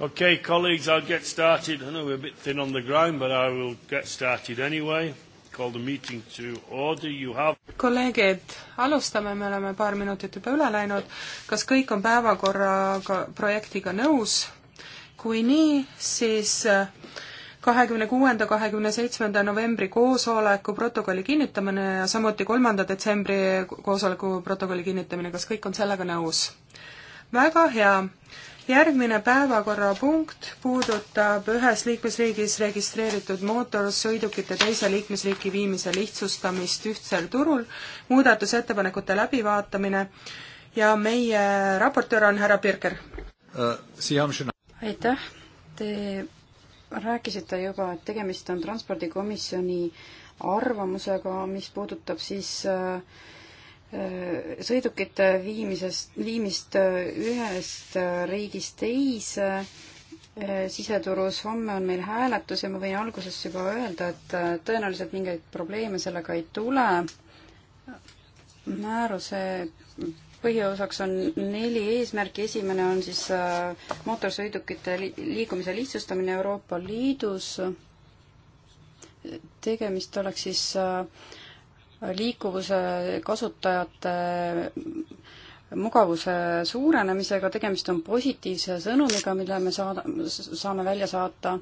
Okay, colleagues, I'll get started. I know we're a bit thin on the ground, but I will get started anyway. Call the meeting to order. You have... kolleegid, alustame, me oleme paar minutit juba üle läinud. kas kõik on päevakorraga, projektiga nõus? kui nii, siis eh, kahekümne kuuenda, kahekümne seitsmenda novembri koosoleku protokolli kinnitamine ja samuti kolmanda detsembri koosoleku protokolli kinnitamine, kas kõik on sellega nõus? väga hea järgmine päevakorrapunkt puudutab ühes liikmesriigis registreeritud mootorsõidukite teise liikmesriiki viimise lihtsustamist ühtsel turul, muudatusettepanekute läbivaatamine ja meie raportöör on härra Birger. aitäh, te rääkisite juba, et tegemist on Transpordikomisjoni arvamusega, mis puudutab siis äh, sõidukite viimisest, viimist ühest riigist teise eh, siseturus. homme on meil hääletus ja ma võin alguses juba öelda, et eh, tõenäoliselt mingeid probleeme sellega ei tule. määruse põhiosaks on neli eesmärki, esimene on siis eh, mootorsõidukite liikumise lihtsustamine Euroopa Liidus. tegemist oleks siis äh, liikuvuse kasutajate mugavuse suurenemisega, tegemist on positiivse sõnumiga, mille me saada, saame välja saata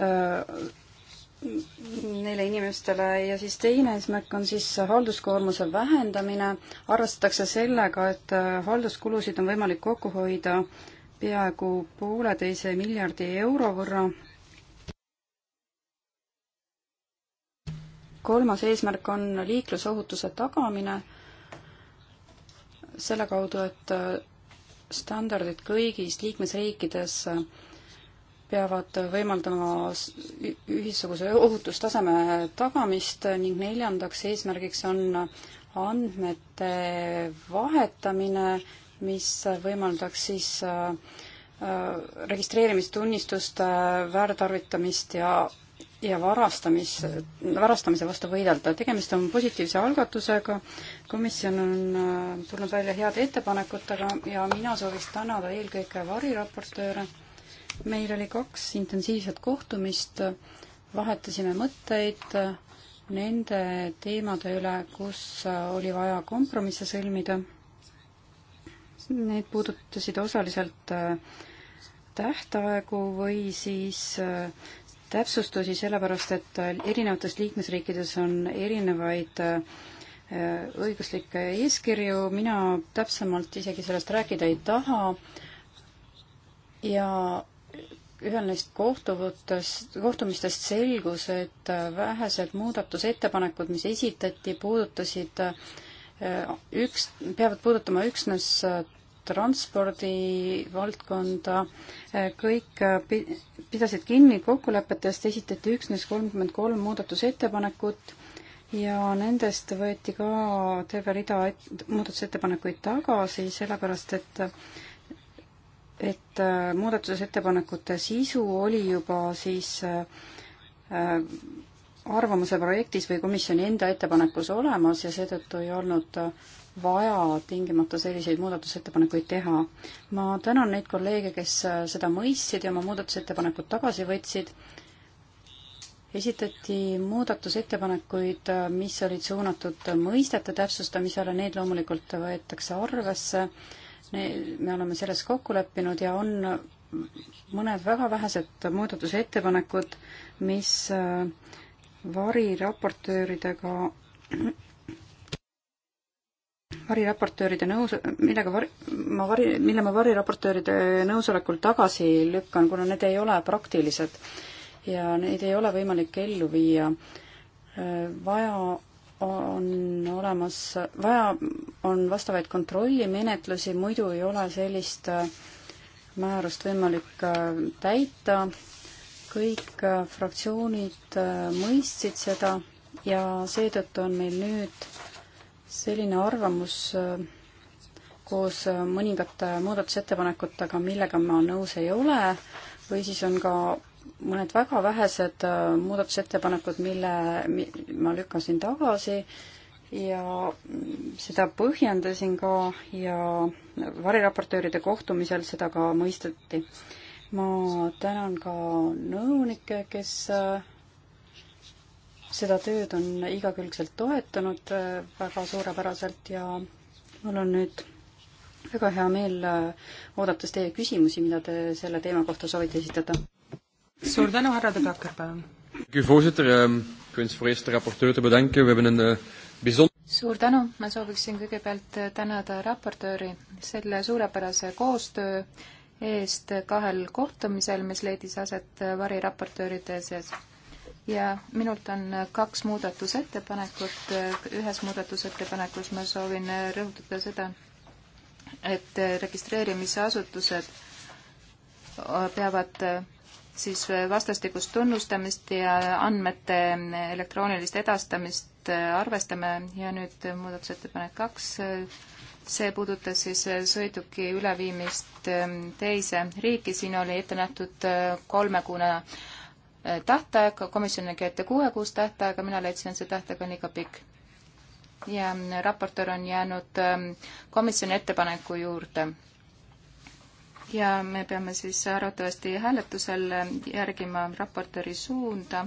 äh, neile inimestele ja siis teine eesmärk on siis halduskoormuse vähendamine. arvestatakse sellega, et äh, halduskulusid on võimalik kokku hoida peaaegu pooleteise miljardi euro võrra kolmas eesmärk on liiklusohutuse tagamine selle kaudu, et äh, standardid kõigis liikmesriikides äh, peavad võimaldama ühissuguse ohutustaseme tagamist ning neljandaks eesmärgiks on andmete vahetamine, mis võimaldaks siis äh, registreerimistunnistuste väärtarvitamist ja ja varastamis, varastamise vastu võidelda. tegemist on positiivse algatusega, komisjon on äh, tulnud välja heade ettepanekutega ja mina sooviks tänada eelkõige variraportööre. meil oli kaks intensiivset kohtumist, vahetasime mõtteid äh, nende teemade üle, kus äh, oli vaja kompromisse sõlmida. Need puudutasid osaliselt tähtaegu või siis täpsustusi, sellepärast et erinevates liikmesriikides on erinevaid äh, õiguslikke eeskirju, mina täpsemalt isegi sellest rääkida ei taha ja ühel neist kohtuvõttest, kohtumistest selgus, et äh, vähesed muudatusettepanekud, mis esitati, puudutasid äh, üks, peavad puudutama üksnes transpordivaldkonda, eh, kõik eh, pidasid kinni kokkulepetest, esitati üksnes kolmkümmend kolm muudatusettepanekut ja nendest võeti ka terve rida muudatusettepanekuid tagasi, sellepärast et et eh, muudatusettepanekute sisu oli juba siis arvamuse projektis või komisjoni enda ettepanekus olemas ja seetõttu ei olnud vaja tingimata selliseid muudatusettepanekuid teha. ma tänan neid kolleege, kes seda mõistsid ja oma muudatusettepanekud tagasi võtsid. esitati muudatusettepanekuid, mis olid suunatud mõistete täpsustamisele, need loomulikult võetakse arvesse. me oleme selles kokku leppinud ja on mõned väga vähesed muudatusettepanekud, mis äh, variraportööridega variraportööride nõus, millega var, ma vari, mille ma variraportööride nõusolekul tagasi lükkan, kuna need ei ole praktilised ja neid ei ole võimalik ellu viia. vaja on olemas, vaja on vastavaid kontrollimenetlusi, muidu ei ole sellist määrust võimalik täita. kõik fraktsioonid mõistsid seda ja seetõttu on meil nüüd selline arvamus äh, koos äh, mõningate muudatusettepanekutega, millega ma nõus ei ole, või siis on ka mõned väga vähesed äh, muudatusettepanekud, mille ma lükkasin tagasi ja seda põhjendasin ka ja variraportööride kohtumisel seda ka mõisteti. ma tänan ka nõunikke, kes seda tööd on igakülgselt toetanud äh, väga suurepäraselt ja mul on nüüd väga hea meel äh, oodates teie küsimusi, mida te selle teema kohta soovite esitada. suur tänu, härra De Backer, palun! Ehm, eh, suur tänu, ma sooviksin kõigepealt eh, tänada raportööri selle suurepärase koostöö eest kahel kohtumisel, mis leidis aset eh, variraportööride seas ja minult on kaks muudatusettepanekut. ühes muudatusettepanekus ma soovin rõhutada seda, et registreerimisasutused peavad siis vastastikust tunnustamist ja andmete elektroonilist edastamist arvestame ja nüüd muudatusettepanek kaks, see puudutas siis sõiduki üleviimist teise riiki, siin oli ette nähtud kolmekuune Eh, tähtaeg, komisjon nägi ette kuue kuus tähtaega, mina leidsin, et see tähtaeg on liiga pikk. ja mm, raportöör on jäänud ehm, komisjoni ettepaneku juurde. ja me peame siis arvatavasti hääletusel ehm, järgima raportööri suunda.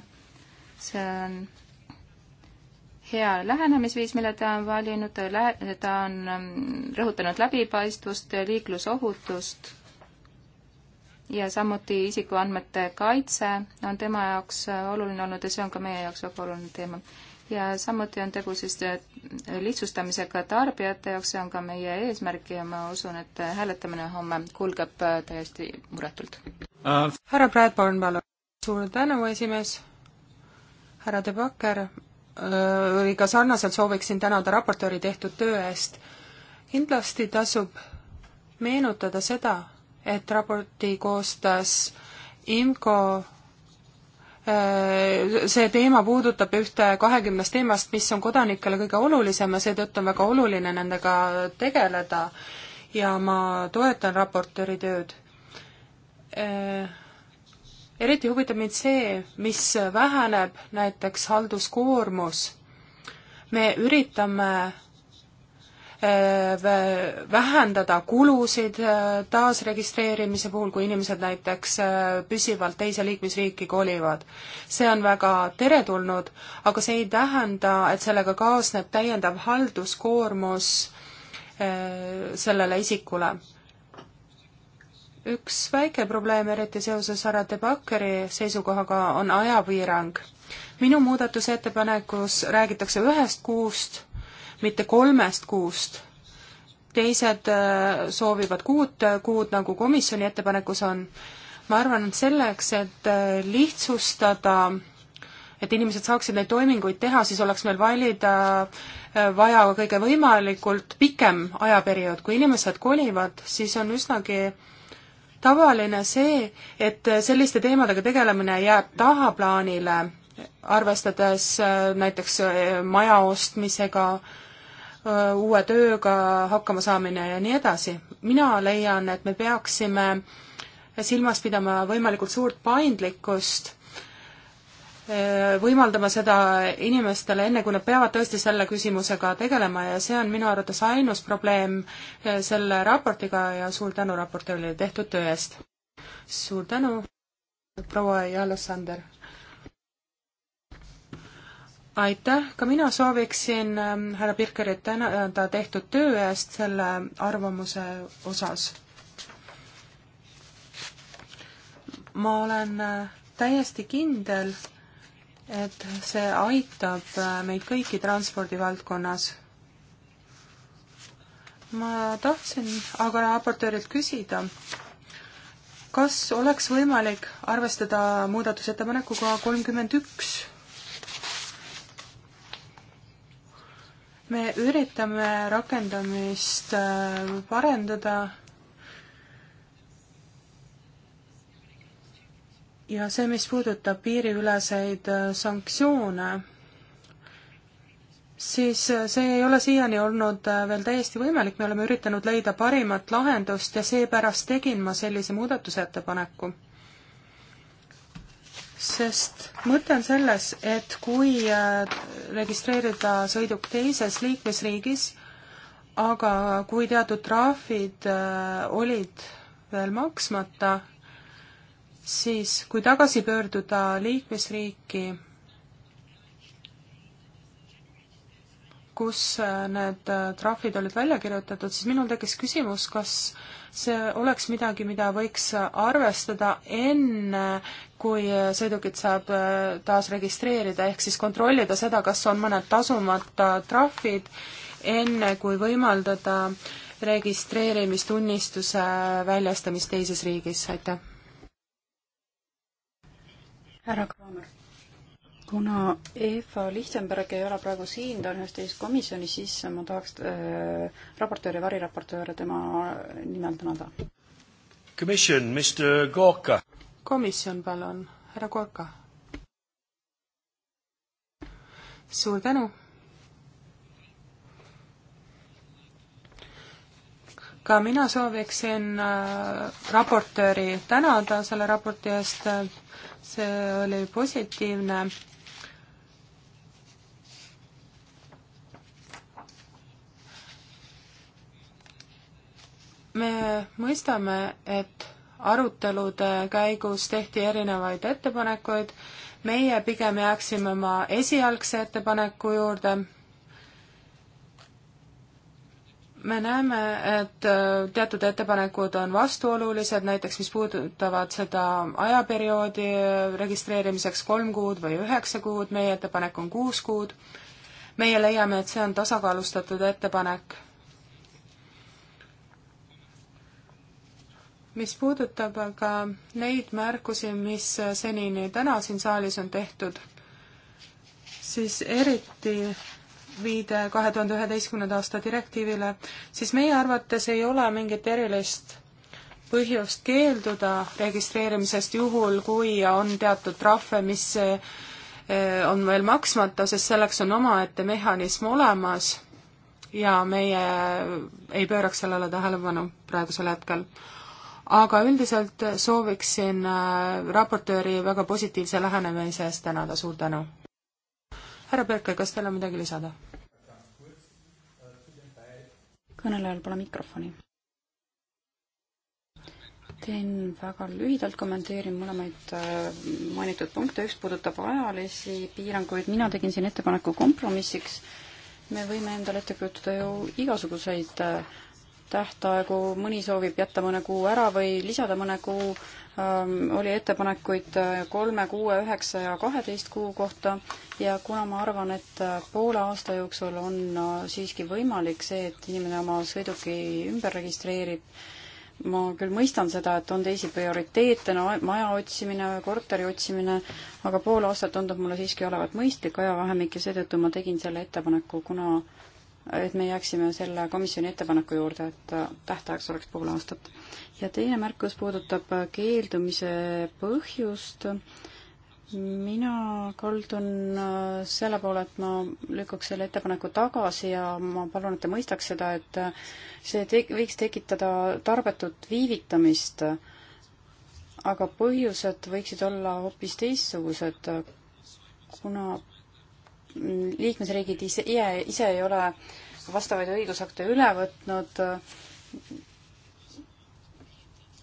see on hea lähenemisviis, mille ta on valinud, ta on ehm, rõhutanud läbipaistvust, liiklusohutust ja samuti isikuandmete kaitse on tema jaoks oluline olnud ja see on ka meie jaoks väga oluline teema. ja samuti on tegu siis äh, lihtsustamisega tarbijate jaoks, see on ka meie eesmärk ja ma usun, et hääletamine homme kulgeb äh, täiesti muretult uh.. härra Bradburn, palun. suur tänu, esimees. härra De Backer, ka sarnaselt sooviksin tänada raportööri tehtud töö eest. kindlasti tasub meenutada seda, et raporti koostas IMCO äh, see teema puudutab ühte kahekümnest teemast, mis on kodanikele kõige olulisem ja seetõttu on väga oluline nendega tegeleda ja ma toetan raportööri tööd. Äh, eriti huvitab mind see, mis väheneb, näiteks halduskoormus. me üritame Äh, vähendada kulusid äh, taasregistreerimise puhul, kui inimesed näiteks äh, püsivalt teise liikmesriiki kolivad. see on väga teretulnud, aga see ei tähenda, et sellega kaasneb täiendav halduskoormus sellele isikule üks väike probleem, eriti seoses härra De Bakkeri seisukohaga, on ajapiirang. minu muudatusettepanekus räägitakse ühest kuust, mitte kolmest kuust. teised äh, soovivad kuut äh, kuud, nagu komisjoni ettepanekus on. ma arvan, et selleks, et äh, lihtsustada et inimesed saaksid neid toiminguid teha, siis oleks meil valida vaja kõige võimalikult pikem ajaperiood. kui inimesed kolivad, siis on üsnagi tavaline see, et selliste teemadega tegelemine jääb tahaplaanile, arvestades näiteks maja ostmisega Äh, uue tööga hakkamasaamine ja nii edasi. mina leian, et me peaksime silmas pidama võimalikult suurt paindlikkust, äh, võimaldama seda inimestele enne, kui nad peavad tõesti selle küsimusega tegelema ja see on minu arvates ainus probleem äh, selle raportiga ja suur tänu raportöörile tehtud töö eest. suur tänu, proua Jaanus Sander aitäh, ka mina sooviksin ähm, härra Pirkerit tänada äh, tehtud töö eest selle arvamuse osas. ma olen äh, täiesti kindel, et see aitab äh, meid kõiki transpordivaldkonnas. ma tahtsin aga raportöörilt küsida, kas oleks võimalik arvestada muudatusettepanekuga kolmkümmend üks? me üritame rakendamist äh, parendada. ja see, mis puudutab piiriüleseid äh, sanktsioone, siis äh, see ei ole siiani olnud veel täiesti võimalik, me oleme üritanud leida parimat lahendust ja seepärast tegin ma sellise muudatusettepaneku sest mõte on selles, et kui äh, registreerida sõiduk teises liikmesriigis, aga kui teatud trahvid äh, olid veel maksmata, siis kui tagasi pöörduda liikmesriiki, kus äh, need trahvid olid välja kirjutatud, siis minul tekkis küsimus, kas see oleks midagi, mida võiks arvestada enne kui äh, sõidukit saab äh, taas registreerida, ehk siis kontrollida seda, kas on mõned tasumata trahvid, enne kui võimaldada registreerimistunnistuse väljastamist teises riigis, aitäh. härra Kraamer. kuna Eva Lichtenberg ei ole praegu siin, ta on ühes teises komisjonis, siis ma tahaks äh, raportööri, variraportööre tema nimel tänada. Commission, Mr Gorka komisjon, palun, härra Korka. suur tänu. ka mina sooviksin äh, raportööri tänada selle raporti eest, see oli positiivne me mõistame, et arutelude käigus tehti erinevaid ettepanekuid, meie pigem jääksime oma esialgse ettepaneku juurde. me näeme, et äh, teatud ettepanekud on vastuolulised, näiteks mis puudutavad seda ajaperioodi registreerimiseks kolm kuud või üheksa kuud, meie ettepanek on kuus kuud. meie leiame, et see on tasakaalustatud ettepanek mis puudutab aga neid märkusi, mis senini täna siin saalis on tehtud, siis eriti viide kahe tuhande üheteistkümnenda aasta direktiivile, siis meie arvates ei ole mingit erilist põhjust keelduda registreerimisest juhul, kui on teatud trahve, mis eh, on veel maksmata, sest selleks on omaette mehhanism olemas ja meie ei pööraks sellele tähelepanu praegusel hetkel aga üldiselt sooviksin äh, raportööri väga positiivse lähenemise eest tänada, suur tänu! härra Perke, kas teil on midagi lisada? kõnelejal pole mikrofoni. teen väga lühidalt, kommenteerin mõlemaid äh, mainitud punkte, üks puudutab ajalisi piiranguid, mina tegin siin ettepaneku kompromissiks, me võime endale ette kujutada ju igasuguseid äh, tähtaegu, mõni soovib jätta mõne kuu ära või lisada mõne kuu, ähm, oli ettepanekuid äh, kolme, kuue, üheksa ja kaheteist kuu kohta ja kuna ma arvan, et äh, poole aasta jooksul on äh, siiski võimalik see, et inimene oma sõiduki ümber registreerib, ma küll mõistan seda, et on teisi prioriteete, no maja otsimine, korteri otsimine, aga pool aastat tundub mulle siiski olevat mõistlik ajavahemik ja seetõttu ma tegin selle ettepaneku, kuna äh, et me jääksime selle komisjoni ettepaneku juurde, et äh, tähtajaks oleks pool aastat. ja teine märkus puudutab äh, keeldumise põhjust. mina kaldun äh, selle poole, et ma lükkaks selle ettepaneku tagasi ja ma palun, et te mõistaks seda, et see te-, võiks tekitada tarbetut viivitamist, aga põhjused võiksid olla hoopis teistsugused, kuna liikmesriigid ise, ise ei ole vastavaid õigusakte üle võtnud.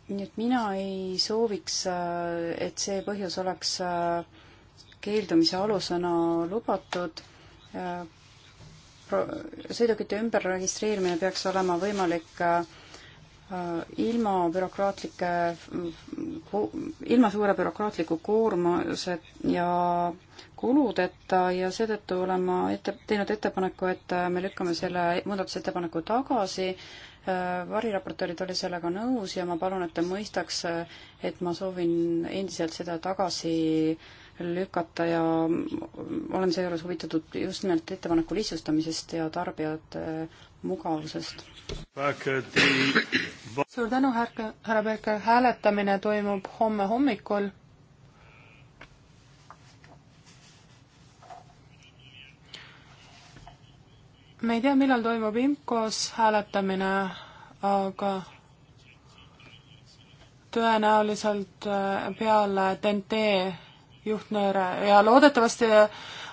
nii et mina ei sooviks, et see põhjus oleks keeldumise alusena lubatud sõidukite ümberregistreerimine peaks olema võimalik Äh, ilma bürokraatlike, ilma suure bürokraatliku koormuse ja kuludeta ja seetõttu olen ma ette, teinud ettepaneku, et äh, me lükkame selle muudatusettepaneku tagasi, äh, variraportöörid olid sellega nõus ja ma palun, et ta mõistaks, et ma soovin endiselt seda tagasi lükata ja olen seejuures huvitatud just nimelt ettepaneku lihtsustamisest ja tarbijate et mugavusest. Uh, suur tänu, härra, härra Berker, hääletamine toimub homme hommikul. me ei tea, millal toimub IMCO-s hääletamine, aga tõenäoliselt äh, peale TNT juhtnööre ja loodetavasti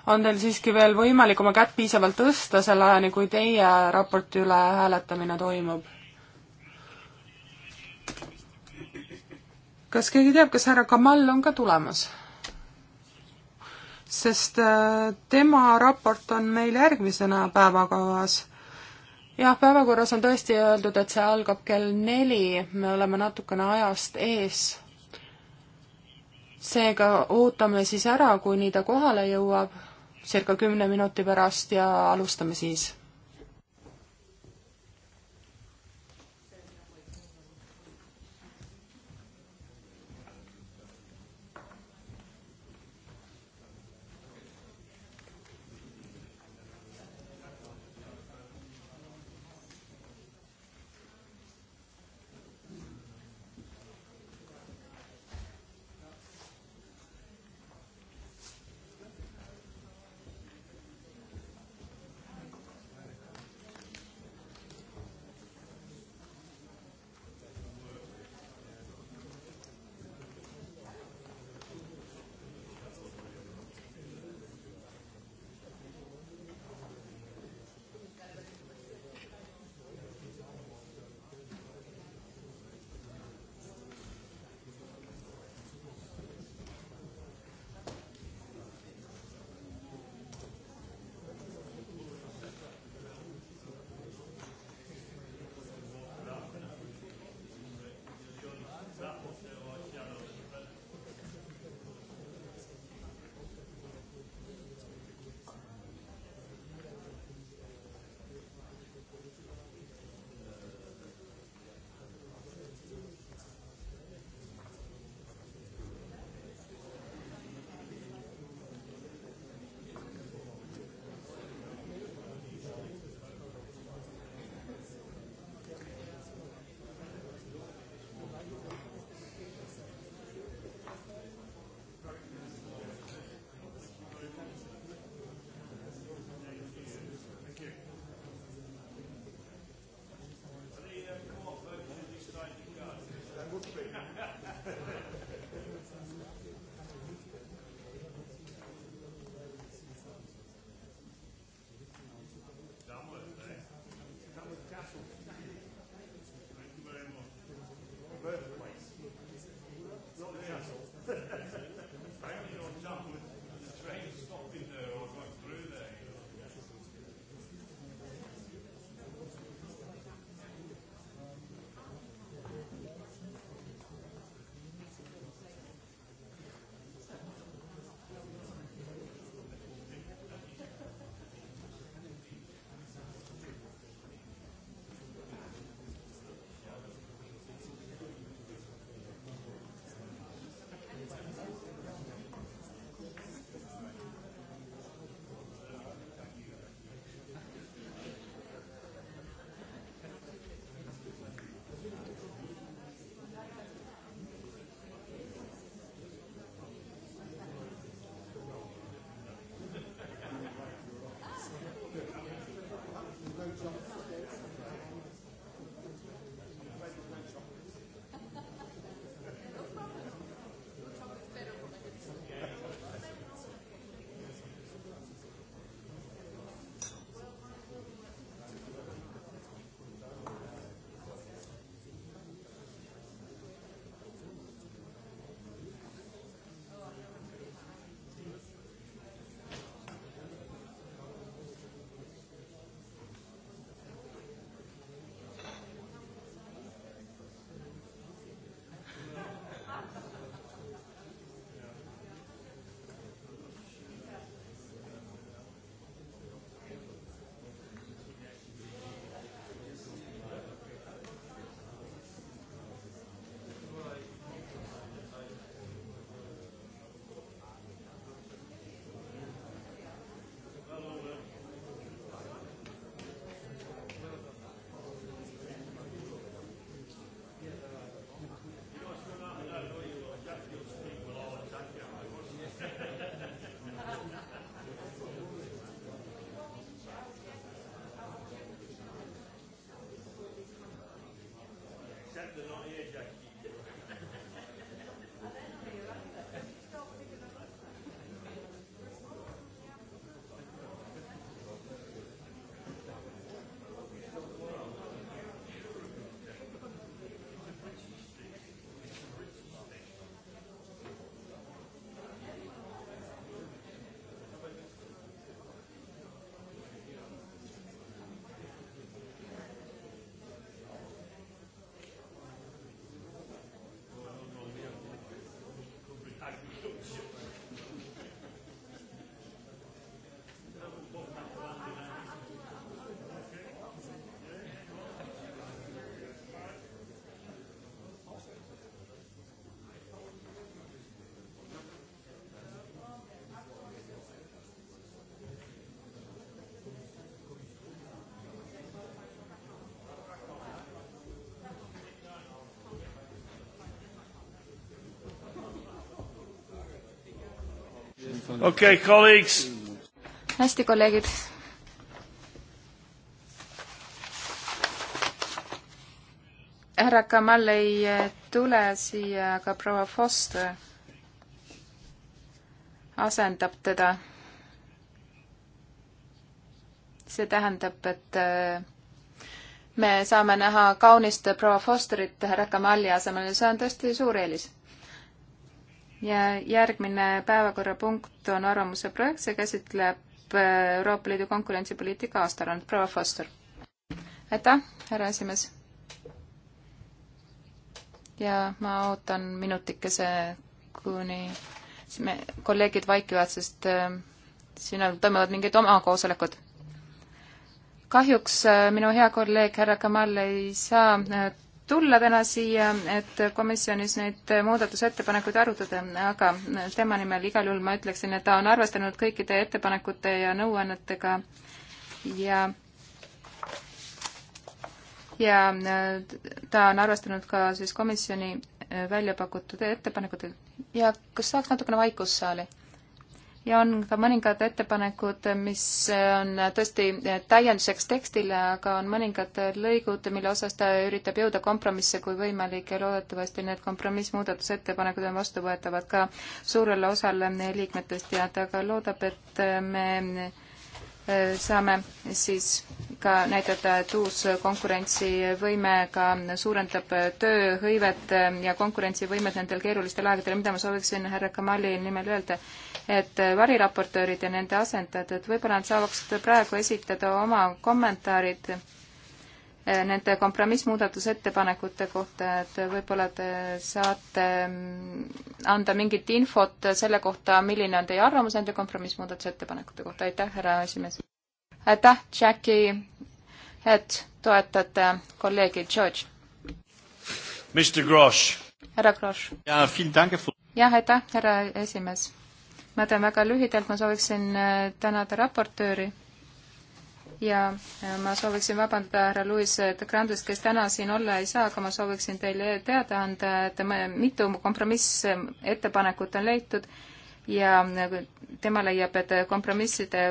on teil siiski veel võimalik oma kätt piisavalt tõsta selle ajani, kui teie raporti üle hääletamine toimub? kas keegi teab, kas härra Kamal on ka tulemas? sest äh, tema raport on meil järgmisena päevakavas jah, päevakorras on tõesti öeldud, et see algab kell neli, me oleme natukene ajast ees. seega ootame siis ära, kuni ta kohale jõuab circa kümne minuti pärast ja alustame siis accepted on the edge. okei okay,, kolleegid. hästi, kolleegid. härra Kamal ei eh, tule siia, aga proua Foster asendab teda. see tähendab, et eh, me saame näha kaunist proua Fosterit härra Kamali asemel ja see on tõesti suur eelis ja järgmine päevakorrapunkt on arvamuse projekt, see käsitleb äh, Euroopa Liidu konkurentsipoliitika aastaaruannet. proua Foster. aitäh, härra esimees. ja ma ootan minutikese, kuni me, kolleegid vaikivad, sest äh, siin on, toimuvad mingid oma koosolekud. kahjuks äh, minu hea kolleeg härra Kamal ei saa tulla täna siia, et komisjonis neid muudatusettepanekuid arutada, aga tema nimel igal juhul ma ütleksin, et ta on arvestanud kõikide ettepanekute ja nõuannetega ja ja äh, ta on arvestanud ka siis komisjoni äh, välja pakutud ettepanekutega. ja kas saaks natukene vaikust saali? ja on ka mõningad ettepanekud, mis on tõesti täienduseks tekstile, aga on mõningad lõigud, mille osas ta üritab jõuda kompromisse, kui võimalik ja loodetavasti need kompromissmuudatusettepanekud on vastuvõetavad ka suurele osale liikmetest ja ta ka loodab, et me saame siis ka näidata, et uus konkurentsivõime ka suurendab tööhõivet ja konkurentsivõimet nendel keerulistel aegadel, mida ma sooviksin härra Kamali nimel öelda, et variraportöörid ja nende asendajad, et võib-olla nad saaksid praegu esitada oma kommentaarid nende kompromissmuudatusettepanekute kohta, et võib-olla te saate mm, anda mingit infot selle kohta, milline on teie arvamus nende kompromissmuudatusettepanekute kohta, aitäh, härra esimees! aitäh, Jackie, et toetate kolleegi George! härra Grosch! jah, aitäh, härra esimees! ma teen väga lühidalt, ma sooviksin äh, tänada raportööri ja äh, ma sooviksin vabandada härra Luis de Grandes, kes täna siin olla ei saa, aga ma sooviksin teile teada anda, et mitu kompromissettepanekut on leitud ja nagu tema leiab, et kompromisside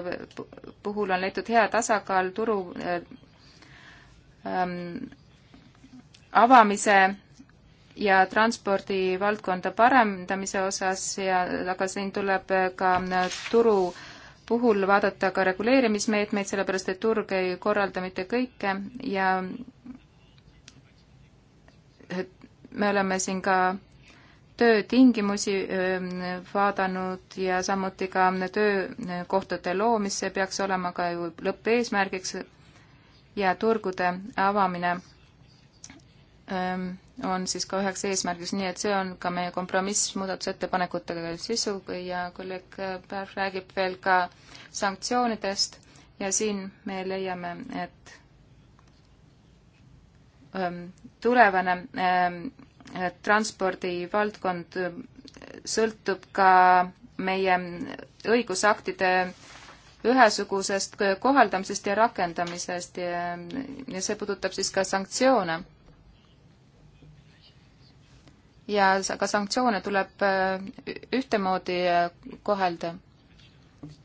puhul on leitud hea tasakaal turu äh, ähm, avamise ja transpordivaldkonda parandamise osas ja aga siin tuleb ka äh, turu äh, puhul vaadata ka reguleerimismeetmeid, sellepärast et turg ei korralda mitte kõike ja me oleme siin ka töötingimusi ähm, vaadanud ja samuti ka töökohtade loomist, see peaks olema ka ju lõppeesmärgiks ja turgude avamine ähm, on siis ka üheks eesmärgiks, nii et see on ka meie kompromiss muudatusettepanekutega sisu ja kolleeg Päev räägib veel ka sanktsioonidest ja siin me leiame, et ähm, tulevane ähm, transpordivaldkond äh, sõltub ka meie õigusaktide ühesugusest kohaldamisest ja rakendamisest ja, ja see puudutab siis ka sanktsioone ja ka sanktsioone tuleb äh, ühtemoodi äh, kohelda.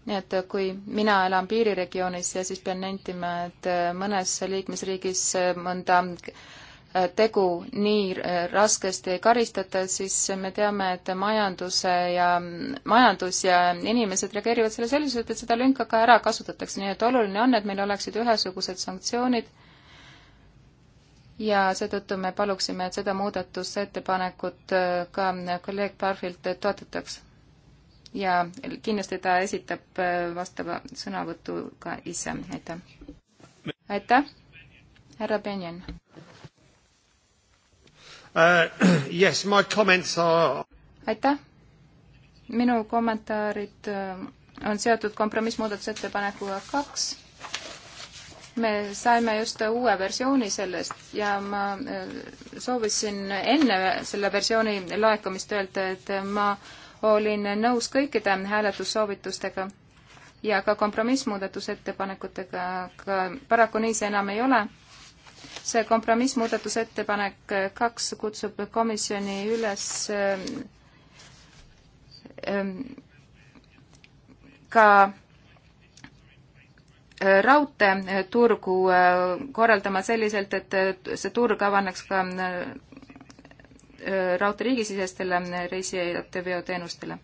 nii et äh, kui mina elan piiriregioonis ja siis pean nentima, et mõnes liikmesriigis mõnda tegu nii raskesti ei karistata, siis me teame, et majanduse ja, majandus ja inimesed reageerivad selle selliselt, et seda lünka ka ära kasutatakse, nii et oluline on, et meil oleksid ühesugused sanktsioonid ja seetõttu me paluksime, et seda muudatusettepanekut äh, ka kolleeg Parfilt toetataks. ja kindlasti ta esitab äh, vastava sõnavõtu ka ise, aitäh. aitäh, härra Benjan uh,. Äh, yes, my comments are aitäh. minu kommentaarid on seotud kompromissmuudatusettepanekuga kaks me saime just uue versiooni sellest ja ma äh, soovisin enne selle versiooni laekumist öelda, et ma olin nõus kõikide hääletussoovitustega ja ka kompromissmuudatusettepanekutega, aga paraku nii see enam ei ole. see kompromissmuudatusettepanek kaks kutsub komisjoni üles ähm, ähm, ka raudteeturgu äh, korraldama selliselt, et see turg avaneks ka äh, raudtee riigisisestele reisijate veoteenustele.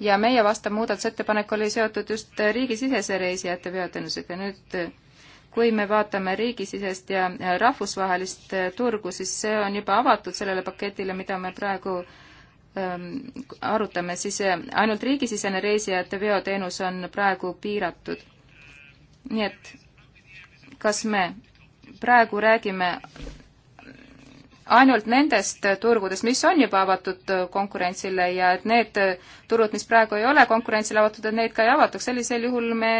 ja meie vastav muudatusettepanek oli seotud just riigisisese reisijate veoteenusega, nüüd kui me vaatame riigisisest ja rahvusvahelist äh, turgu, siis see on juba avatud sellele paketile, mida me praegu ähm, arutame, siis ainult riigisisene reisijate veoteenus on praegu piiratud nii et kas me praegu räägime ainult nendest turgudest, mis on juba avatud äh, konkurentsile ja et need äh, turud, mis praegu ei ole konkurentsile avatud, et neid ka ei avatuks, sellisel juhul me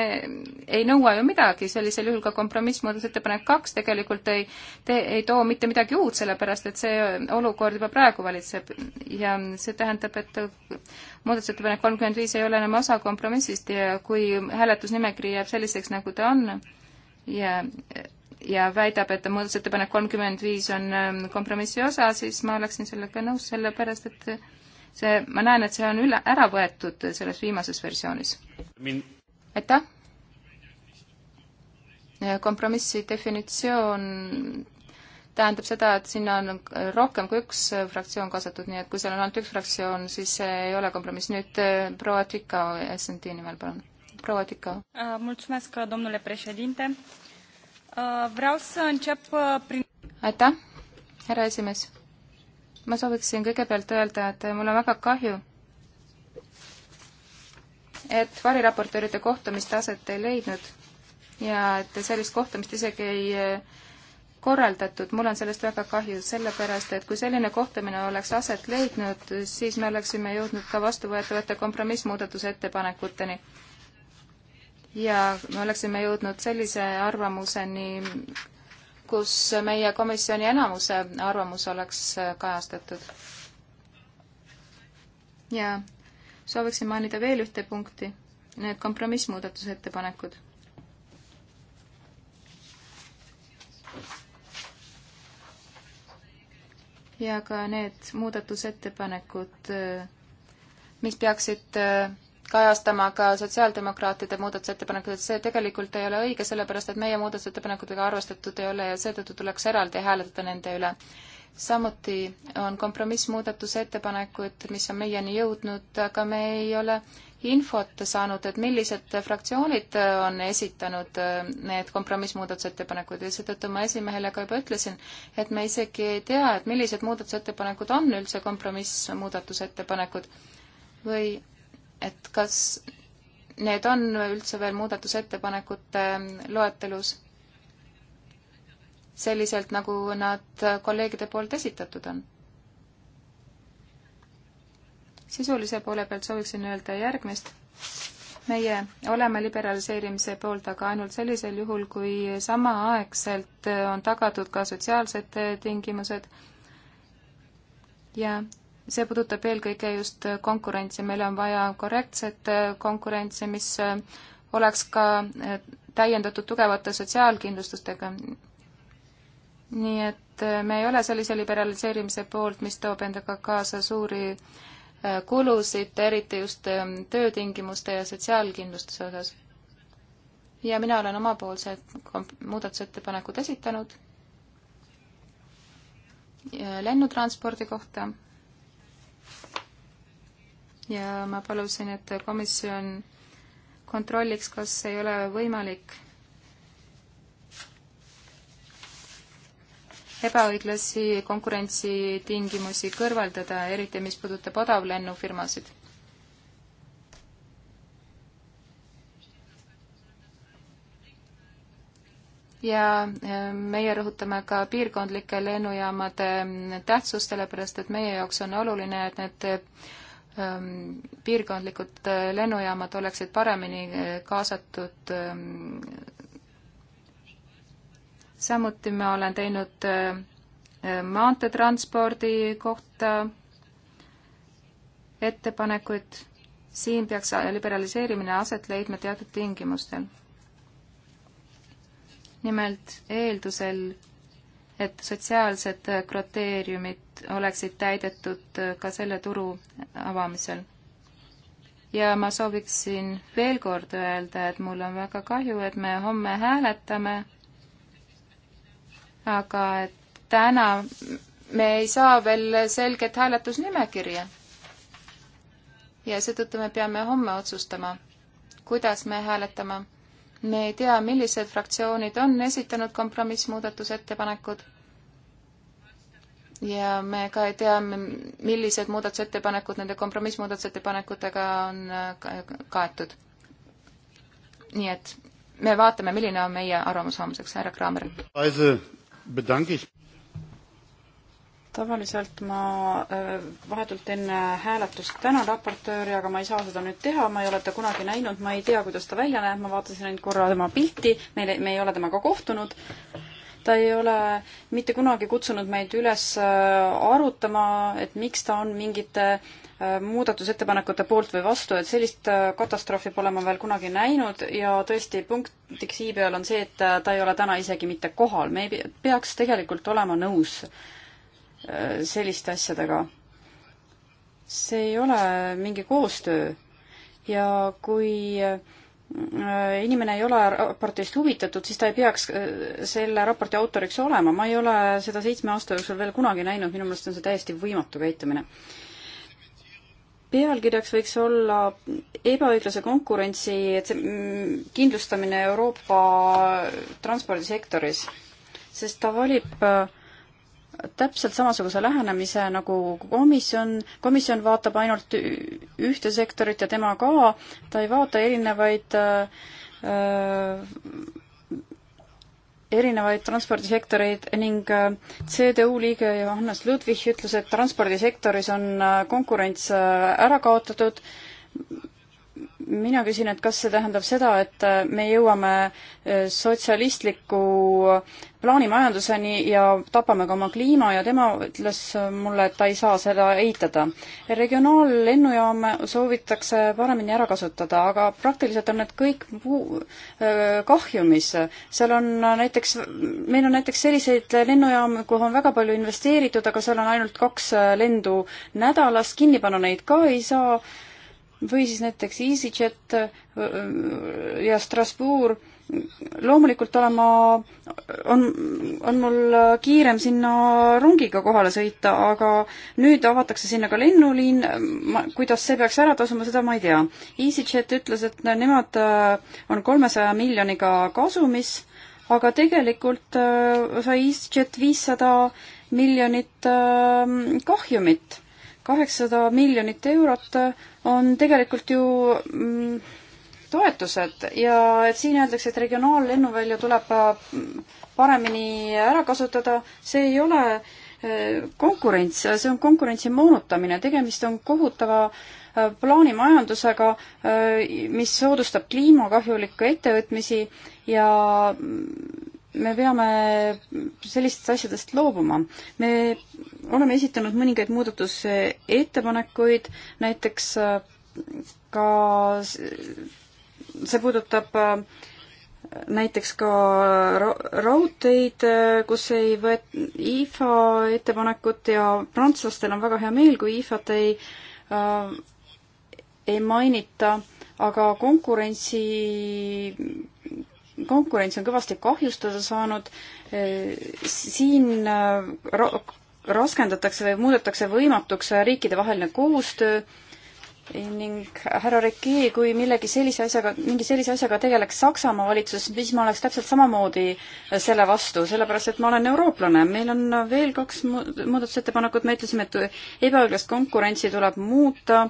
ei nõua ju midagi, sellisel juhul ka kompromissmuudatusettepanek kaks tegelikult ei te,, ei too mitte midagi uut, sellepärast et see olukord juba praegu valitseb ja see tähendab, et äh, muudatusettepanek kolmkümmend viis ei ole enam osa kompromissist ja kui hääletusnimekiri jääb selliseks, nagu ta on ja ja väidab, et muudatusettepanek kolmkümmend viis on ähm, kompromissi osa, siis ma oleksin sellega nõus, sellepärast et see, ma näen, et see on üle, ära võetud selles viimases versioonis. aitäh! kompromissi definitsioon tähendab seda, et sinna on rohkem kui üks fraktsioon kaasatud, nii et kui seal on ainult üks fraktsioon, siis see ei ole kompromiss. nüüd äh, proua Tikao SMT nimel, palun. proua Tikao. Äh, mulțumesc, domnule președinte. Uh, vreau să încep uh, prin... Aitäh, härra esimees. Ma sooviksin kõigepealt öelda, et mul on väga kahju, et variraportööride kohtumist aset ei leidnud ja et sellist kohtumist isegi ei eh, korraldatud. Mul on sellest väga kahju, sellepärast, et kui selline kohtumine oleks aset leidnud, siis me oleksime jõudnud ka vastuvõetavate kompromissmuudatuse ettepanekuteni ja me oleksime jõudnud sellise arvamuseni, kus meie komisjoni enamuse arvamus oleks kajastatud. ja sooviksin mainida veel ühte punkti, need kompromissmuudatusettepanekud. ja ka need muudatusettepanekud, mis peaksid kajastama ka sotsiaaldemokraatide muudatusettepanekud, et see tegelikult ei ole õige, sellepärast et meie muudatusettepanekutega arvestatud ei ole ja seetõttu tuleks eraldi hääletada nende üle. samuti on kompromissmuudatusettepanekud, mis on meieni jõudnud, aga me ei ole infot saanud, et millised fraktsioonid on esitanud need kompromissmuudatusettepanekud ja seetõttu ma esimehele ka juba ütlesin, et me isegi ei tea, et millised muudatusettepanekud on üldse kompromissmuudatusettepanekud või et kas need on üldse veel muudatusettepanekute loetelus selliselt, nagu nad kolleegide poolt esitatud on. sisulise poole pealt sooviksin öelda järgmist. meie oleme liberaliseerimise poolt, aga ainult sellisel juhul, kui samaaegselt on tagatud ka sotsiaalsed tingimused ja see puudutab eelkõige just konkurentsi, meil on vaja korrektset konkurentsi, mis oleks ka eh, täiendatud tugevate sotsiaalkindlustustega. nii et eh, me ei ole sellise liberaliseerimise poolt, mis toob endaga kaasa suuri eh, kulusid, eriti just töötingimuste ja sotsiaalkindlustuse osas. ja mina olen omapoolsed muudatusettepanekud esitanud lennutranspordi kohta ja ma palusin, et komisjon kontrolliks, kas ei ole võimalik ebaõiglasi konkurentsitingimusi kõrvaldada, eriti mis puudutab odavlennufirmasid. ja eh, meie rõhutame ka piirkondlike lennujaamade tähtsust, sellepärast et meie jaoks on oluline, et need Ähm, piirkondlikud äh, lennujaamad oleksid paremini äh, kaasatud. Ähm, samuti ma olen teinud äh, maanteetranspordi kohta ettepanekuid. siin peaks liberaliseerimine aset leidma teatud tingimustel. nimelt eeldusel, et sotsiaalsed kriteeriumid oleksid täidetud ka selle turu avamisel. ja ma sooviksin veel kord öelda, et mul on väga kahju, et me homme hääletame, aga et täna me ei saa veel selget hääletusnimekirja. ja seetõttu me peame homme otsustama, kuidas me hääletame me ei tea, millised fraktsioonid on esitanud kompromissmuudatusettepanekud ja me ka ei tea, millised muudatusettepanekud nende kompromissmuudatusettepanekutega on kaetud. nii et me vaatame, milline on meie arvamus homseks, härra Kraamer tavaliselt ma äh, vahetult enne hääletust tänan raportööri, aga ma ei saa seda nüüd teha, ma ei ole teda kunagi näinud, ma ei tea, kuidas ta välja näeb, ma vaatasin ainult korra tema pilti, meil, me ei ole temaga kohtunud. ta ei ole mitte kunagi kutsunud meid üles äh, arutama, et miks ta on mingite äh, muudatusettepanekute poolt või vastu, et sellist katastroofi pole ma veel kunagi näinud ja tõesti punktiks i peal on see, et ta ei ole täna isegi mitte kohal, me ei peaks tegelikult olema nõus Äh, selliste asjadega. see ei ole mingi koostöö ja kui äh, inimene ei ole raportist huvitatud, siis ta ei peaks äh, selle raporti autoriks olema. ma ei ole seda seitsme aasta jooksul veel kunagi näinud, minu meelest on see täiesti võimatu käitumine. pealkirjaks võiks olla ebaõiglase konkurentsi mm, kindlustamine Euroopa transpordisektoris, sest ta valib äh, täpselt samasuguse lähenemise nagu komisjon, komisjon vaatab ainult ühte sektorit ja tema ka, ta ei vaata erinevaid äh, äh erinevaid transpordisektoreid ning äh, CDU liige Johannes Ludwig ütles, et transpordisektoris on äh, konkurents ära kaotatud, mina küsin, et kas see tähendab seda, et äh, me jõuame äh, sotsialistliku äh, plaanimajanduseni ja tapame ka oma kliima ja tema ütles mulle, et ta ei saa seda eitada. regionaallennujaame soovitakse paremini ära kasutada, aga praktiliselt on need kõik puu-, kahjumis. seal on näiteks, meil on näiteks selliseid lennujaamu, kuhu on väga palju investeeritud, aga seal on ainult kaks lendu nädalas, kinni panna neid ka ei saa või siis näiteks EasyJet äh, ja Strasbourg, loomulikult olen ma, on, on mul kiirem sinna rongiga kohale sõita, aga nüüd avatakse sinna ka lennuliin, ma, kuidas see peaks ära tasuma, seda ma ei tea. EasyJet ütles, et nemad äh, on kolmesaja miljoniga kasumis, aga tegelikult äh, sai EasyJet viissada miljonit kahjumit kaheksasada miljonit eurot on tegelikult ju mm, toetused ja et siin öeldakse, et regionaallennuvälja tuleb mm, paremini ära kasutada, see ei ole eh, konkurents, see on konkurentsi moonutamine, tegemist on kohutava eh, plaanimajandusega, eh, mis soodustab kliimakahjulikke ettevõtmisi ja mm, me peame sellistest asjadest loobuma. me oleme esitanud mõningaid muudatusettepanekuid, näiteks äh, ka see puudutab äh, näiteks ka raudteid, äh, kus ei võet-, IFA ettepanekut ja prantslastel on väga hea meel, kui IFA-t ei äh,, ei mainita, aga konkurentsi konkurents on kõvasti kahjustada saanud, siin äh, raskendatakse või muudetakse võimatuks riikidevaheline koostöö ning härra Reki, kui millegi sellise asjaga, mingi sellise asjaga tegeleks Saksamaa valitsus, siis ma oleks täpselt samamoodi selle vastu, sellepärast et ma olen eurooplane. meil on veel kaks muudatusettepanekut, me ütlesime, et ebaõiglast konkurentsi tuleb muuta.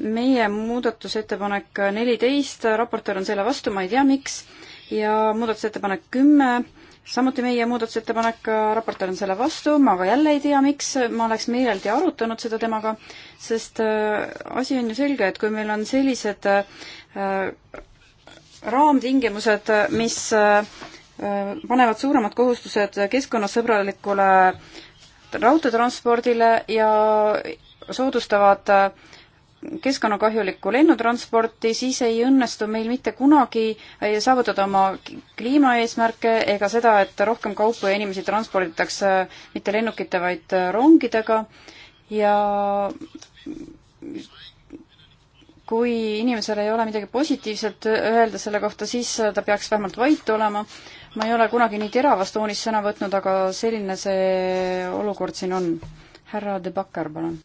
meie muudatusettepanek neliteist, raportöör on selle vastu, ma ei tea, miks ja muudatusettepanek kümme, samuti meie muudatusettepanek, raportöör on selle vastu, ma aga jälle ei tea, miks, ma oleks meeleldi arutanud seda temaga, sest äh, asi on ju selge, et kui meil on sellised äh, raamtingimused, mis äh, panevad suuremad kohustused keskkonnasõbralikule raudteetranspordile ja soodustavad äh, keskkonnakahjulikku lennutransporti, siis ei õnnestu meil mitte kunagi äh, saavutada oma kliimaeesmärke ega seda, et rohkem kaupu ja inimesi transporditakse äh, mitte lennukite, vaid äh, rongidega ja kui inimesel ei ole midagi positiivset öelda selle kohta, siis ta peaks vähemalt vait olema. ma ei ole kunagi nii teravas toonis sõna võtnud, aga selline see olukord siin on. härra De Backer, palun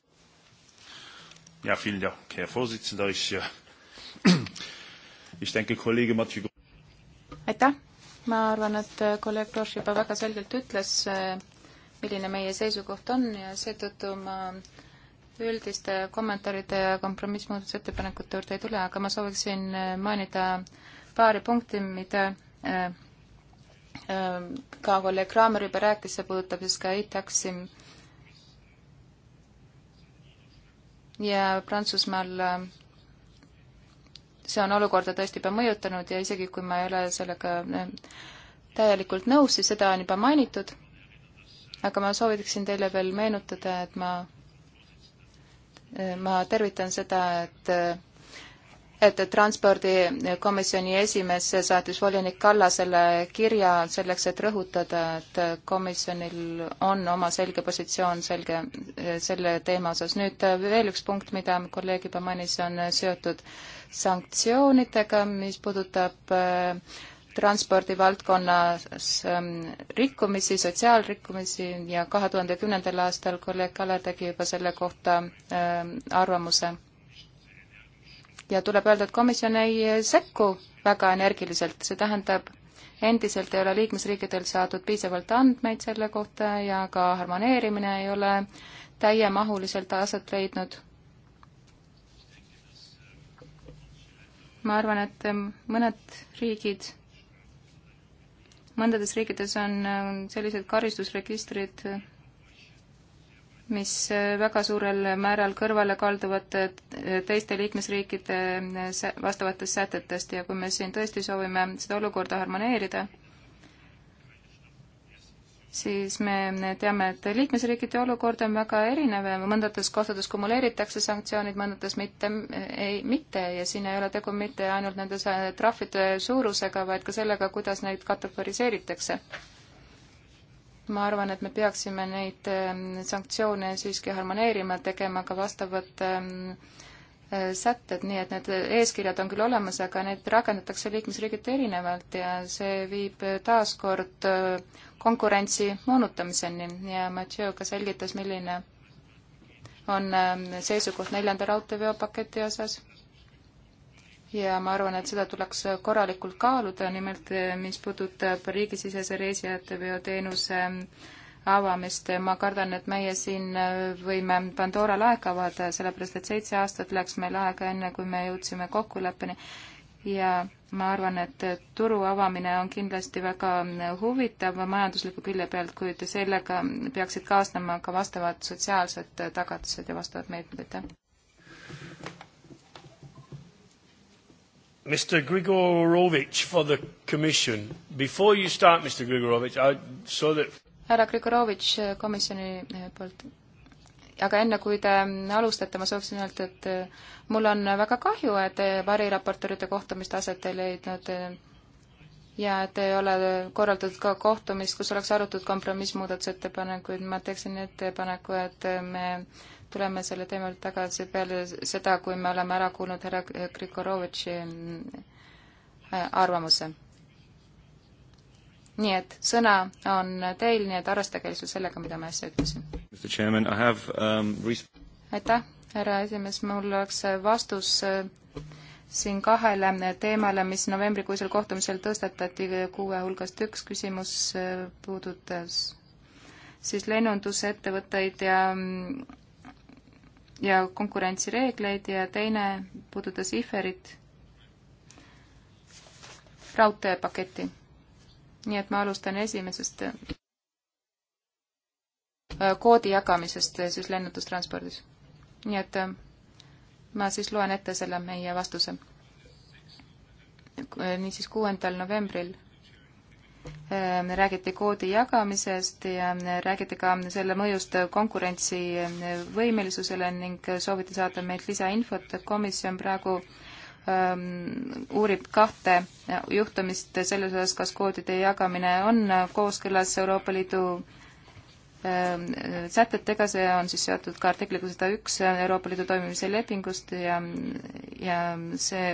Ja, vielen Dank, Herr Vorsitzender. Ich, äh, ich denke, kolleeg Matši. aitäh, ma arvan, et äh, kolleeg Grosch juba väga selgelt ütles, äh, milline meie seisukoht on ja seetõttu ma üldiste kommentaaride ja kompromissmuudatusettepanekute juurde ei tule, aga ma sooviksin mainida paari punkti, mida ka kolleeg Kraamer juba rääkis, see puudutab siis ka ITAX-i e ja Prantsusmaal äh, see on olukorda tõesti juba mõjutanud ja isegi kui ma ei ole sellega äh, täielikult nõus, siis seda on juba mainitud. aga ma soovitaksin teile veel meenutada, et ma, äh, ma tervitan seda, et et transpordikomisjoni esimees saatis volinik Kallasele kirja selleks, et rõhutada, et komisjonil on oma selge positsioon selge, selle teema osas. nüüd veel üks punkt, mida kolleeg juba mainis, on seotud sanktsioonidega, mis puudutab äh, transpordivaldkonnas ähm, rikkumisi, sotsiaalrikkumisi ja kahe tuhande kümnendal aastal kolleeg Kalle tegi juba selle kohta äh, arvamuse ja tuleb öelda, et komisjon ei sekku väga energiliselt, see tähendab, endiselt ei ole liikmesriikidel saadud piisavalt andmeid selle kohta ja ka harmoneerimine ei ole täiemahuliselt aset leidnud. ma arvan, et mõned riigid, mõndades riikides on sellised karistusregistrid, mis äh, väga suurel määral kõrvale kalduvad äh, teiste liikmesriikide äh, vastavatest sätetest ja kui me siin tõesti soovime seda olukorda harmoneerida, siis me teame, et liikmesriikide olukord on väga erinev ja mõndates kohtades kumuleeritakse sanktsioonid, mõndates mitte, ei, mitte ja siin ei ole tegu mitte ainult nende trahvide suurusega, vaid ka sellega, kuidas neid kategoriseeritakse ma arvan, et me peaksime neid ähm, sanktsioone siiski harmoneerima, tegema ka vastavad ähm, äh, sätted, nii et need eeskirjad on küll olemas, aga neid rakendatakse liikmesriigiti erinevalt ja see viib taaskord äh, konkurentsi moonutamiseni ja Mathieu ka selgitas, milline on ähm, seisukoht neljanda raudteeveopaketi osas ja ma arvan, et seda tuleks korralikult kaaluda, nimelt eh, mis puudutab riigisisese reisijate veoteenuse eh, avamist, ma kardan, et meie siin eh, võime Pandora laeka avada, sellepärast et seitse aastat läks meil aega, enne kui me jõudsime kokkuleppeni ja ma arvan, et turu avamine on kindlasti väga huvitav majandusliku külje pealt, kuid sellega peaksid kaasnema ka vastavad sotsiaalsed tagatised ja vastavad meetmed, aitäh! Mr. Grigorovitch for the Commission. Before you start, Mr. Grigorovitch, I saw that härra Grigorovitch eh, komisjoni eh, poolt. aga enne, kui te mm, alustate, ma sooviksin öelda, et eh, mul on väga kahju, et variraportööride kohtumist aset ei leidnud ja et ei ole korraldatud ka kohtumist, kus oleks arutatud kompromissmuudatusettepanekuid. ma teeksin ettepaneku, et me tuleme selle teema juurde tagasi peale seda, kui me oleme ära kuulnud härra Grigorovitši äh, arvamuse. nii et sõna on teil, nii et arvestage lihtsalt sellega, mida ma äsja ütlesin. Um... aitäh, härra esimees, mul oleks äh, vastus äh, siin kahele teemale, mis novembrikuisel kohtumisel tõstatati kuue hulgast üks küsimus puudutas siis lennundusettevõtteid ja mm, ja konkurentsireegleid ja teine puudutas IFER-it, raudteepaketti. nii et ma alustan esimesest äh, koodi jagamisest siis lennutustranspordis. nii et äh, ma siis loen ette selle meie vastuse. niisiis kuuendal novembril Ehm, räägiti koodi jagamisest ja ehm, räägiti ka selle mõjust konkurentsivõimelisusele ehm, ning sooviti saada meilt lisainfot. komisjon praegu um, uurib kahte juhtumist selles osas, kas koodide jagamine on kooskõlas Euroopa Liidu Ehm, sätetega, see on siis seotud ka artikliga sada üks Euroopa Liidu toimimise lepingust ja, ja see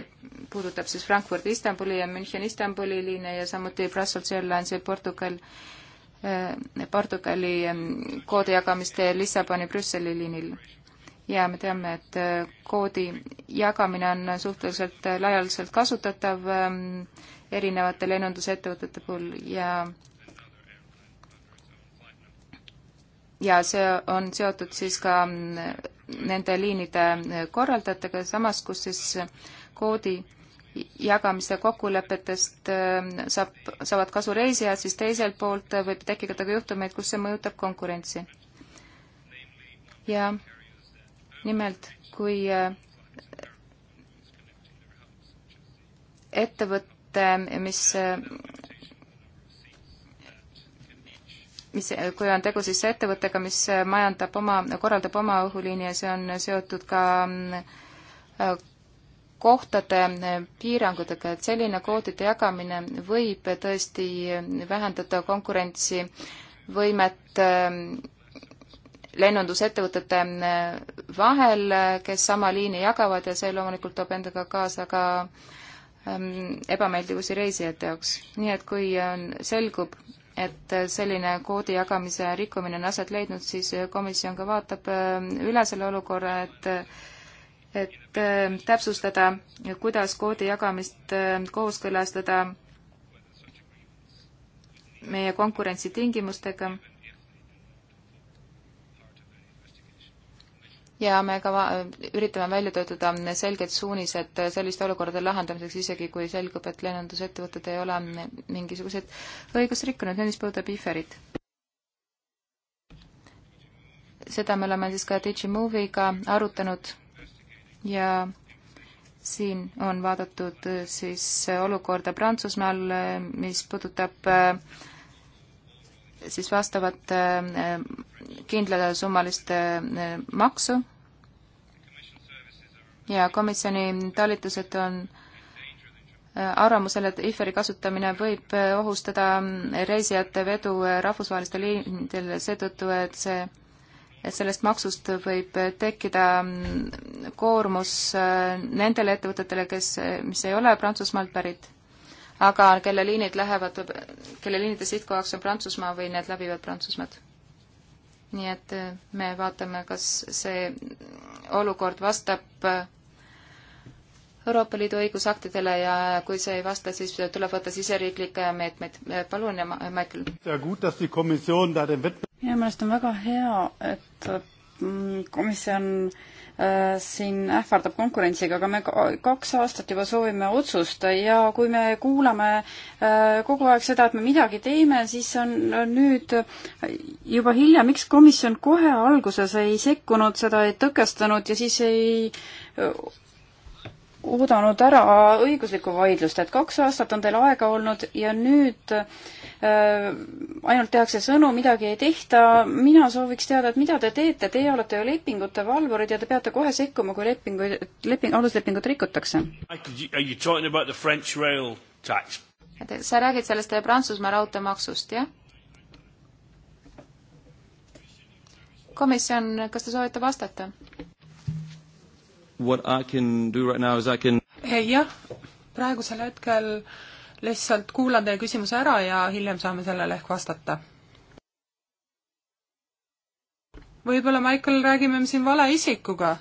puudutab siis Frankfurdi Istanbuli ja Müncheni Istanbuli liine ja samuti Brussels Airlines ja Portugal, ehm, Portugali ehm, koodi jagamist Lissaboni Brüsseli liinil. ja me teame, et koodi jagamine on suhteliselt laialdaselt kasutatav erinevate lennundusettevõtete puhul ja ja see on seotud siis ka nende liinide korraldajatega, samas kus siis koodi jagamise kokkulepetest ähm, saab, saavad kasu reisijad, siis teiselt poolt võib tekkida ka juhtumeid, kus see mõjutab konkurentsi. ja nimelt, kui äh, ettevõte, mis äh, mis, kui on tegu siis ettevõttega, mis majandab oma, korraldab oma õhuliini ja see on seotud ka mm, kohtade mm, piirangutega, et selline kvootide jagamine võib tõesti vähendada konkurentsivõimet mm, lennundusettevõtete vahel, kes sama liini jagavad ja see loomulikult toob endaga kaasa ka ebameeldivusi reisijate jaoks. nii et kui on, selgub, et selline koodi jagamise rikkumine on aset leidnud, siis komisjon ka vaatab äh, üle selle olukorra, et et äh, täpsustada, kuidas koodi jagamist äh, kooskõlastada meie konkurentsitingimustega ja me ka üritame välja töötada selged suunised selliste olukordade lahendamiseks, isegi kui selgub, et lennundusettevõtted ei ole mingisuguseid õigust rikkunud, mis puudutab IFER-it. seda me oleme siis ka Digimoviga arutanud ja siin on vaadatud äh, siis äh, olukorda Prantsusmaal, äh, mis puudutab äh, siis vastavat äh, kindlasummalist äh, maksu ja komisjoni talitused on äh, arvamusel, et IFER-i kasutamine võib ohustada reisijate vedu rahvusvahelistel liinidel seetõttu, et see, et sellest maksust võib tekkida mm, koormus nendele ettevõtetele, kes, mis ei ole Prantsusmaalt pärit aga kelle liinid lähevad, kelle liinide sihtkohaks on Prantsusmaa või need läbivad Prantsusmaad. nii et äh, me vaatame, kas see olukord vastab äh, Euroopa Liidu õigusaktidele ja kui see ei vasta, siis tuleb võtta siseriiklikke meetmeid. Äh, palun ja Michael. minu meelest on väga hea, et mm, komisjon Äh, siin ähvardab konkurentsiga, aga me kaks aastat juba soovime otsust ja kui me kuulame äh, kogu aeg seda, et me midagi teeme, siis on nüüd juba hilja, miks komisjon kohe alguses ei sekkunud, seda ei tõkestanud ja siis ei oodanud ära õiguslikku vaidlust, et kaks aastat on teil aega olnud ja nüüd äh, ainult tehakse sõnu, midagi ei tehta. mina sooviks teada, et mida te teete, teie olete ju lepingute valvurid ja te peate kohe sekkuma, kui lepinguid, leping, aluslepingut rikutakse. sa räägid sellest äh, Prantsusmaa raudteemaksust, jah? komisjon, kas te soovite vastata? What I can do right now is I can jah, praegusel hetkel lihtsalt kuulan teie küsimuse ära ja hiljem saame sellele ehk vastata. võib-olla, Michael, räägime me siin valeisikuga?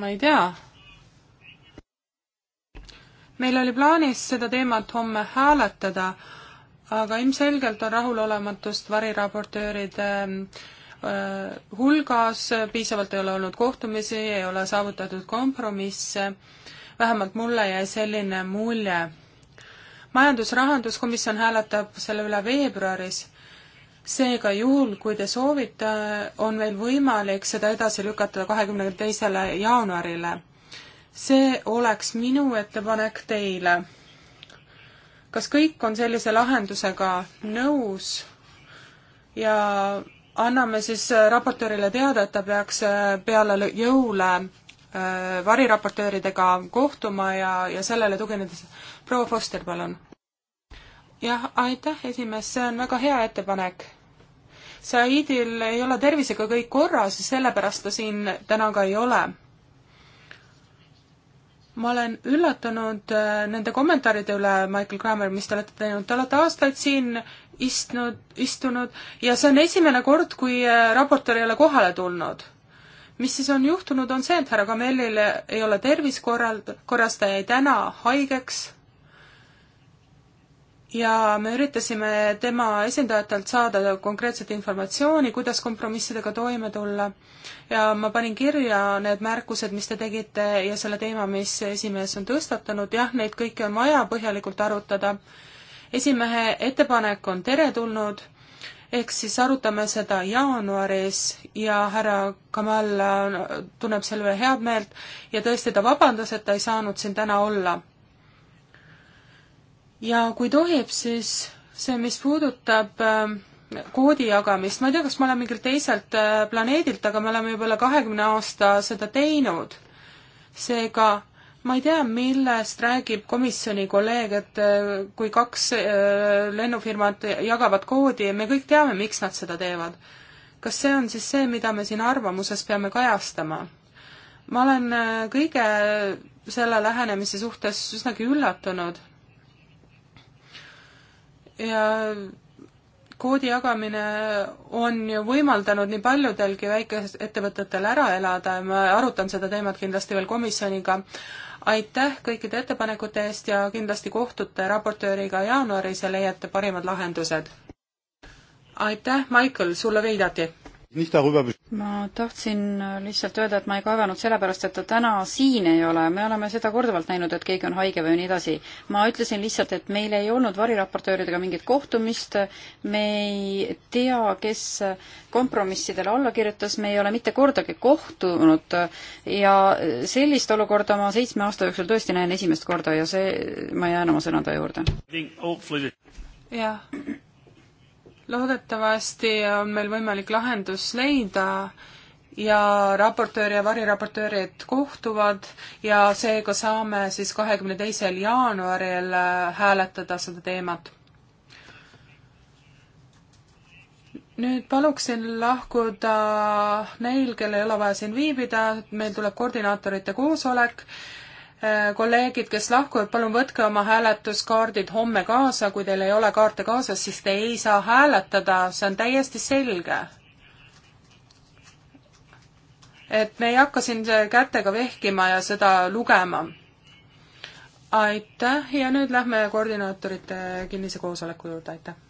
ma ei tea. meil oli plaanis seda teemat homme hääletada, aga ilmselgelt on rahulolematust variraportööride äh, Äh, hulgas, äh, piisavalt ei ole olnud kohtumisi, ei ole saavutatud kompromisse, vähemalt mulle jäi selline mulje. majandus-rahanduskomisjon hääletab selle üle veebruaris, seega juhul, kui te soovite, on veel võimalik seda edasi lükata kahekümne teisele jaanuarile. see oleks minu ettepanek teile. kas kõik on sellise lahendusega nõus ja anname siis äh, raportöörile teada, et ta peaks äh, peale jõule äh, variraportööridega kohtuma ja, ja sellele tuginedes. proua Foster, palun. jah, aitäh, esimees, see on väga hea ettepanek. Saidil ei ole tervisega kõik korras ja sellepärast ta siin täna ka ei ole. ma olen üllatunud nende kommentaaride üle, Michael Kramer, mis te olete teinud, te olete aastaid siin istnud, istunud ja see on esimene kord, kui äh, raportöör ei ole kohale tulnud. mis siis on juhtunud, on see, et härra Kamellil ei ole tervis korral-, korras, ta jäi täna haigeks ja me üritasime tema esindajatelt saada konkreetset informatsiooni, kuidas kompromissidega toime tulla. ja ma panin kirja need märkused, mis te tegite ja selle teema, mis esimees on tõstatanud, jah, neid kõiki on vaja põhjalikult arutada esimehe ettepanek on teretulnud, ehk siis arutame seda jaanuaris ja härra Kamal tunneb selle üle head meelt ja tõesti, ta vabandas, et ta ei saanud siin täna olla. ja kui tohib, siis see, mis puudutab äh, koodi jagamist, ma ei tea, kas ma olen mingilt teiselt äh, planeedilt, aga me oleme juba üle kahekümne aasta seda teinud. seega ma ei tea, millest räägib komisjoni kolleeg, et äh, kui kaks äh, lennufirmat jagavad koodi ja me kõik teame, miks nad seda teevad. kas see on siis see, mida me siin arvamuses peame kajastama? ma olen äh, kõige selle lähenemise suhtes üsnagi üllatunud. ja koodi jagamine on ju võimaldanud nii paljudelgi väikeettevõtetel ära elada ja ma arutan seda teemat kindlasti veel komisjoniga, aitäh kõikide ettepanekute eest ja kindlasti kohtute raportööriga jaanuaris ja leiate parimad lahendused. aitäh, Michael, sulle viidati! ma tahtsin äh, lihtsalt öelda, et ma ei kaevanud sellepärast, et ta täna siin ei ole, me oleme seda korduvalt näinud, et keegi on haige või nii edasi. ma ütlesin lihtsalt, et meil ei olnud variraportööridega mingit kohtumist, me ei tea, kes kompromissidele alla kirjutas, me ei ole mitte kordagi kohtunud ja sellist olukorda ma seitsme aasta jooksul tõesti näen esimest korda ja see, ma jään oma sõnade juurde. jah loodetavasti on meil võimalik lahendus leida ja raportöör ja variraportöörid kohtuvad ja seega saame siis kahekümne teisel jaanuaril äh, hääletada seda teemat. nüüd paluksin lahkuda neil, kellel ei ole vaja siin viibida, meil tuleb koordinaatorite koosolek Äh, kolleegid, kes lahkuvad, palun võtke oma hääletuskaardid homme kaasa, kui teil ei ole kaarte kaasas, siis te ei saa hääletada, see on täiesti selge. et me ei hakka siin kätega vehkima ja seda lugema. aitäh ja nüüd lähme koordinaatorite kinnise koosoleku juurde, aitäh!